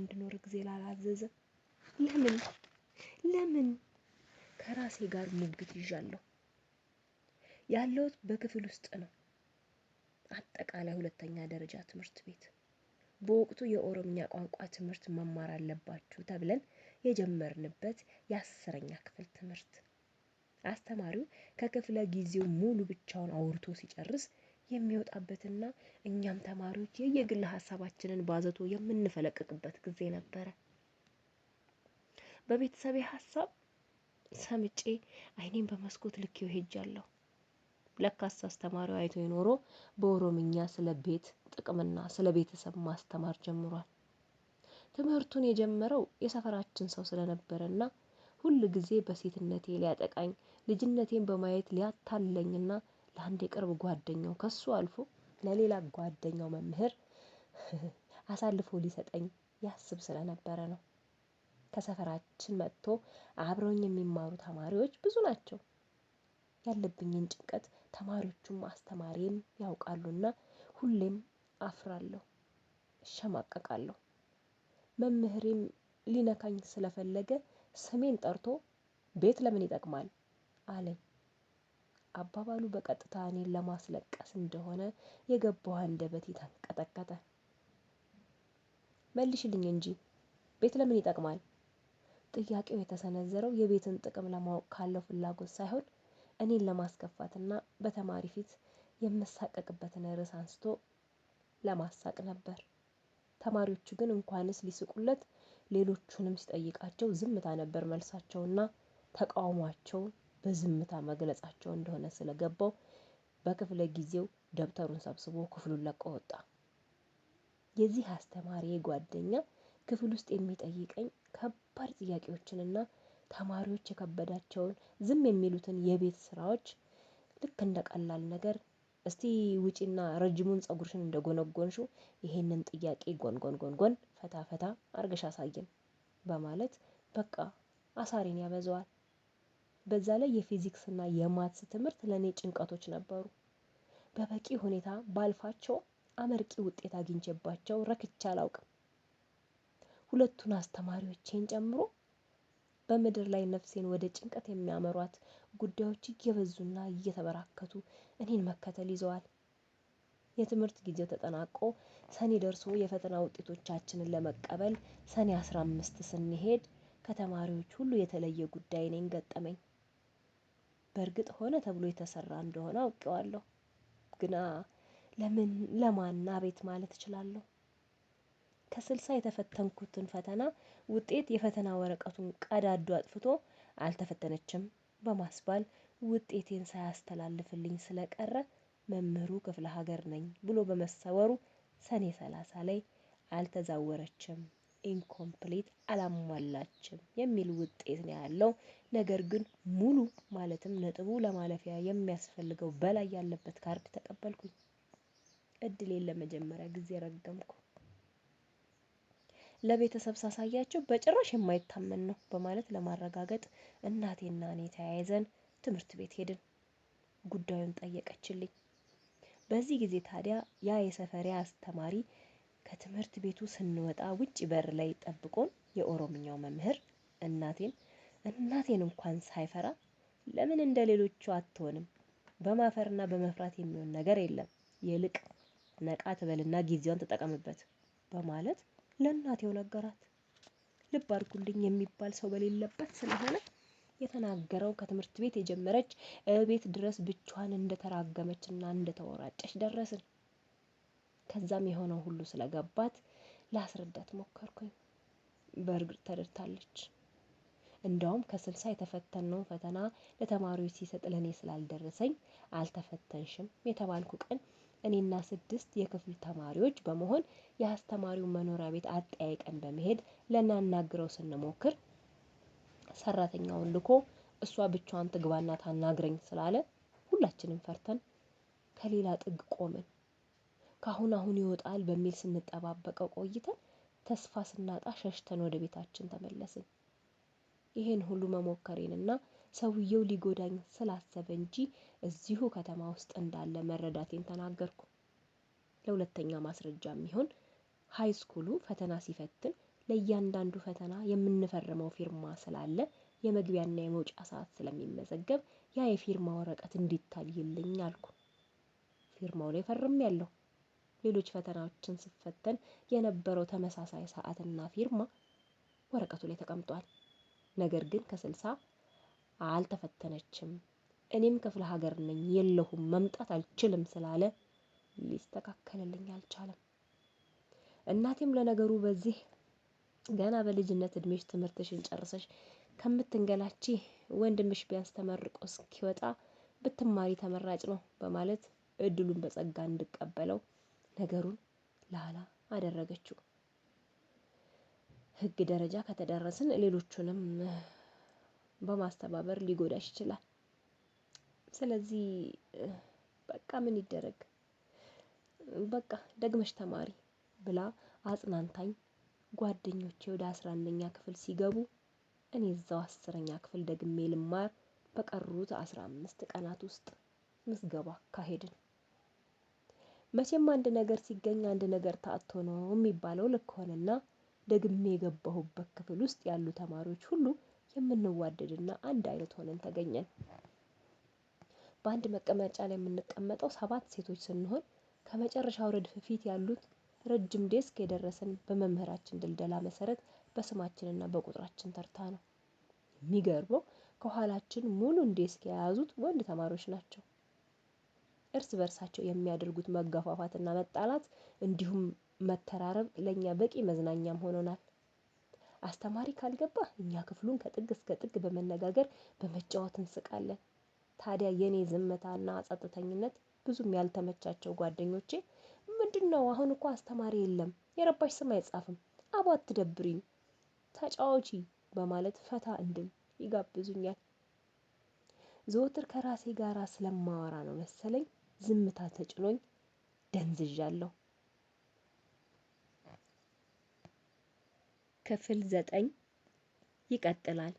እንድኖር ጊዜ ላላዘዘ ለምን ለምን ከራሴ ጋር ሙግት ይዣለሁ። ያለሁት በክፍል ውስጥ ነው። አጠቃላይ ሁለተኛ ደረጃ ትምህርት ቤት በወቅቱ የኦሮምኛ ቋንቋ ትምህርት መማር አለባችሁ ተብለን የጀመርንበት የአስረኛ ክፍል ትምህርት አስተማሪው ከክፍለ ጊዜው ሙሉ ብቻውን አውርቶ ሲጨርስ የሚወጣበትና እኛም ተማሪዎች የየግል ሀሳባችንን ባዘቶ የምንፈለቅቅበት ጊዜ ነበረ። በቤተሰቤ ሀሳብ ሰምጬ አይኔም በመስኮት ልኬው ሄጃለሁ። ለካስ አስተማሪው አይቶ ኖሮ በኦሮምኛ ስለ ቤት ጥቅምና ስለ ቤተሰብ ማስተማር ጀምሯል። ትምህርቱን የጀመረው የሰፈራችን ሰው ስለነበረና ሁል ጊዜ በሴትነቴ ሊያጠቃኝ ልጅነቴን በማየት ሊያታለኝና ለአንድ የቅርብ ጓደኛው ከሱ አልፎ ለሌላ ጓደኛው መምህር አሳልፎ ሊሰጠኝ ያስብ ስለነበረ ነው። ከሰፈራችን መጥቶ አብረውኝ የሚማሩ ተማሪዎች ብዙ ናቸው። ያለብኝን ጭንቀት ተማሪዎቹም አስተማሪም ያውቃሉና ሁሌም አፍራለሁ እሸማቀቃለሁ። መምህሬም ሊነካኝ ስለፈለገ ስሜን ጠርቶ ቤት ለምን ይጠቅማል አለኝ አባባሉ በቀጥታ እኔን ለማስለቀስ እንደሆነ የገባው አንደበት ተንቀጠቀጠ። መልሽልኝ እንጂ ቤት ለምን ይጠቅማል? ጥያቄው የተሰነዘረው የቤትን ጥቅም ለማወቅ ካለው ፍላጎት ሳይሆን እኔን ለማስከፋትና በተማሪ ፊት የምሳቀቅበትን ርዕስ አንስቶ ለማሳቅ ነበር። ተማሪዎቹ ግን እንኳንስ ሊስቁለት ሌሎቹንም ሲጠይቃቸው ዝምታ ነበር መልሳቸውና ተቃውሟቸውን በዝምታ መግለጻቸው እንደሆነ ስለገባው በክፍለ ጊዜው ደብተሩን ሰብስቦ ክፍሉን ለቆ ወጣ። የዚህ አስተማሪ ጓደኛ ክፍል ውስጥ የሚጠይቀኝ ከባድ ጥያቄዎችንና ተማሪዎች የከበዳቸውን ዝም የሚሉትን የቤት ስራዎች ልክ እንደ ቀላል ነገር እስቲ ውጪና ረጅሙን ጸጉርሽን እንደጎነጎንሹ ይሄንን ጥያቄ ጎንጎን ጎንጎን ፈታ ፈታ አርገሽ አሳየን በማለት በቃ አሳሪን ያበዛዋል። በዛ ላይ የፊዚክስ እና የማትስ ትምህርት ለእኔ ጭንቀቶች ነበሩ። በበቂ ሁኔታ ባልፋቸው አመርቂ ውጤት አግኝቼባቸው ረክቼ አላውቅም። ሁለቱን አስተማሪዎቼን ጨምሮ በምድር ላይ ነፍሴን ወደ ጭንቀት የሚያመሯት ጉዳዮች እየበዙና እየተበራከቱ እኔን መከተል ይዘዋል። የትምህርት ጊዜው ተጠናቆ ሰኔ ደርሶ የፈተና ውጤቶቻችንን ለመቀበል ሰኔ አስራ አምስት ስንሄድ ከተማሪዎች ሁሉ የተለየ ጉዳይ እኔን ገጠመኝ በእርግጥ ሆነ ተብሎ የተሰራ እንደሆነ አውቀዋለሁ። ግና ለምን ለማን አቤት ማለት እችላለሁ? ከስልሳ የተፈተንኩትን ፈተና ውጤት የፈተና ወረቀቱን ቀዳዶ አጥፍቶ አልተፈተነችም በማስባል ውጤቴን ሳያስተላልፍልኝ ስለቀረ መምህሩ ክፍለ ሀገር ነኝ ብሎ በመሰወሩ ሰኔ ሰላሳ ላይ አልተዛወረችም ኢንኮምፕሊት አላሟላችም የሚል ውጤት ነው ያለው። ነገር ግን ሙሉ ማለትም ነጥቡ ለማለፊያ የሚያስፈልገው በላይ ያለበት ካርድ ተቀበልኩኝ። እድሌን ለመጀመሪያ ጊዜ ረገምኩ። ለቤተሰብ ሳሳያቸው በጭራሽ የማይታመን ነው በማለት ለማረጋገጥ እናቴና እኔ ተያይዘን ትምህርት ቤት ሄድን። ጉዳዩን ጠየቀችልኝ። በዚህ ጊዜ ታዲያ ያ የሰፈሪያ አስተማሪ ከትምህርት ቤቱ ስንወጣ ውጭ በር ላይ ጠብቆን የኦሮምኛው መምህር እናቴን እናቴን እንኳን ሳይፈራ ለምን እንደ ሌሎቹ አትሆንም? በማፈርና በመፍራት የሚሆን ነገር የለም። ይልቅ ነቃ ትበልና ጊዜዋን ተጠቀምበት በማለት ለእናቴው ነገራት። ልብ አድርጉልኝ የሚባል ሰው በሌለበት ስለሆነ የተናገረው ከትምህርት ቤት የጀመረች እቤት ድረስ ብቻዋን እንደተራገመችና እንደተወራጨች ደረስን። ከዛም የሆነው ሁሉ ስለገባት ላስረዳት ሞከርኩኝ። በእርግጥ ተደርታለች። እንደውም ከስልሳ የተፈተነውን ፈተና ለተማሪዎች ሲሰጥ ለእኔ ስላልደረሰኝ አልተፈተንሽም የተባልኩ ቀን እኔና ስድስት የክፍል ተማሪዎች በመሆን የአስተማሪውን መኖሪያ ቤት አጠያይቀን በመሄድ ልናናግረው ስንሞክር ሰራተኛውን ልኮ እሷ ብቻዋን ትግባና ታናግረኝ ስላለ ሁላችንም ፈርተን ከሌላ ጥግ ቆምን። ከአሁን አሁን ይወጣል በሚል ስንጠባበቀው ቆይተን ተስፋ ስናጣ ሸሽተን ወደ ቤታችን ተመለስን። ይሄን ሁሉ መሞከሬንና ሰውየው ሊጎዳኝ ስላሰበ እንጂ እዚሁ ከተማ ውስጥ እንዳለ መረዳቴን ተናገርኩ። ለሁለተኛ ማስረጃ የሚሆን ሃይስኩሉ ፈተና ሲፈትን ለእያንዳንዱ ፈተና የምንፈርመው ፊርማ ስላለ የመግቢያና የመውጫ ሰዓት ስለሚመዘገብ ያ የፊርማ ወረቀት እንዲታይልኝ አልኩ። ፊርማው ላይ ፈርሜያለሁ ሌሎች ፈተናዎችን ስፈተን የነበረው ተመሳሳይ ሰዓትና ፊርማ ወረቀቱ ላይ ተቀምጧል። ነገር ግን ከስልሳ አልተፈተነችም እኔም ክፍለ ሀገር ነኝ የለሁም መምጣት አልችልም ስላለ ሊስተካከልልኝ አልቻለም። እናቴም ለነገሩ በዚህ ገና በልጅነት እድሜሽ ትምህርትሽን ጨርሰሽ ከምትንገላቺ ወንድምሽ ቢያንስ ተመርቆ እስኪወጣ ብትማሪ ተመራጭ ነው በማለት እድሉን በጸጋ እንድቀበለው ነገሩን ላላ አደረገችው። ህግ ደረጃ ከተደረስን ሌሎቹንም በማስተባበር ሊጎዳሽ ይችላል። ስለዚህ በቃ ምን ይደረግ በቃ ደግመሽ ተማሪ ብላ አጽናንታኝ ጓደኞቼ ወደ አስራ አንደኛ ክፍል ሲገቡ እኔ እዛው አስረኛ ክፍል ደግሜ ልማር በቀሩት አስራ አምስት ቀናት ውስጥ ምዝገባ አካሄድን። መቼም አንድ ነገር ሲገኝ አንድ ነገር ታጥቶ ነው የሚባለው ልክ ሆነና ደግሜ የገባሁበት ክፍል ውስጥ ያሉ ተማሪዎች ሁሉ የምንዋደድና አንድ አይነት ሆነን ተገኘን። በአንድ መቀመጫ ላይ የምንቀመጠው ሰባት ሴቶች ስንሆን ከመጨረሻው ረድፍ ፊት ያሉት ረጅም ዴስክ የደረሰን በመምህራችን ድልደላ መሰረት በስማችንና በቁጥራችን ተርታ ነው። የሚገርመው ከኋላችን ሙሉን ዴስክ የያዙት ወንድ ተማሪዎች ናቸው። እርስ በርሳቸው የሚያደርጉት መገፋፋትና መጣላት እንዲሁም መተራረብ ለእኛ በቂ መዝናኛም ሆኖናል። አስተማሪ ካልገባ እኛ ክፍሉን ከጥግ እስከ ጥግ በመነጋገር በመጫወት እንስቃለን። ታዲያ የኔ ዝምታና ጸጥተኝነት ብዙም ያልተመቻቸው ጓደኞቼ ምንድነው አሁን እኮ አስተማሪ የለም የረባሽ ስም አይጻፍም አቡ አትደብሪኝ ተጫዋቺ በማለት ፈታ እንድል ይጋብዙኛል። ዘወትር ከራሴ ጋራ ስለማወራ ነው መሰለኝ ዝምታ ተጭኖኝ ደንዝዣለሁ። ክፍል ዘጠኝ ይቀጥላል